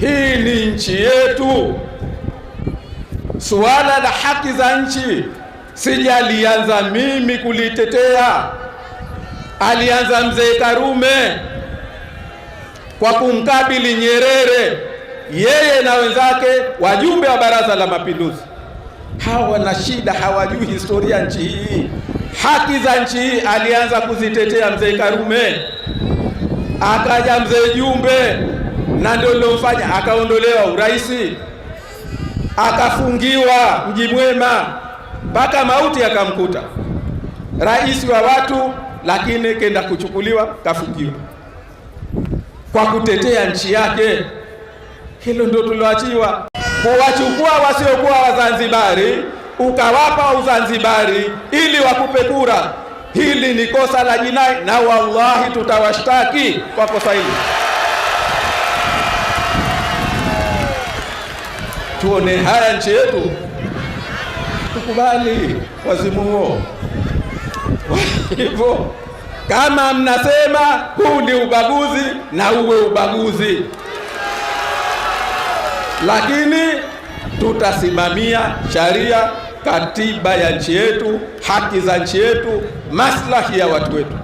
Hii ni nchi yetu. Suala la haki za nchi sijalianza mimi kulitetea, alianza mzee Karume kwa kumkabili Nyerere, yeye na wenzake wajumbe wa Baraza la Mapinduzi. Hawa wana shida, hawajui historia nchi hii. Haki za nchi hii alianza kuzitetea mzee Karume, akaja mzee Jumbe na ndio lilomfanya akaondolewa urais, akafungiwa Mji Mwema mpaka mauti akamkuta, rais wa watu, lakini kenda kuchukuliwa kafungiwa kwa kutetea nchi yake. Hilo ndio tuloachiwa, kuwachukua wasiokuwa Wazanzibari ukawapa Uzanzibari ili wakupe kura. Hili ni kosa la jinai, na wallahi tutawashtaki kwa kosa hili. tuone haya nchi yetu, tukubali wazimu huo. Hivyo kama mnasema huu ni ubaguzi, na uwe ubaguzi, lakini tutasimamia sharia, katiba ya nchi yetu, haki za nchi yetu, maslahi ya watu wetu.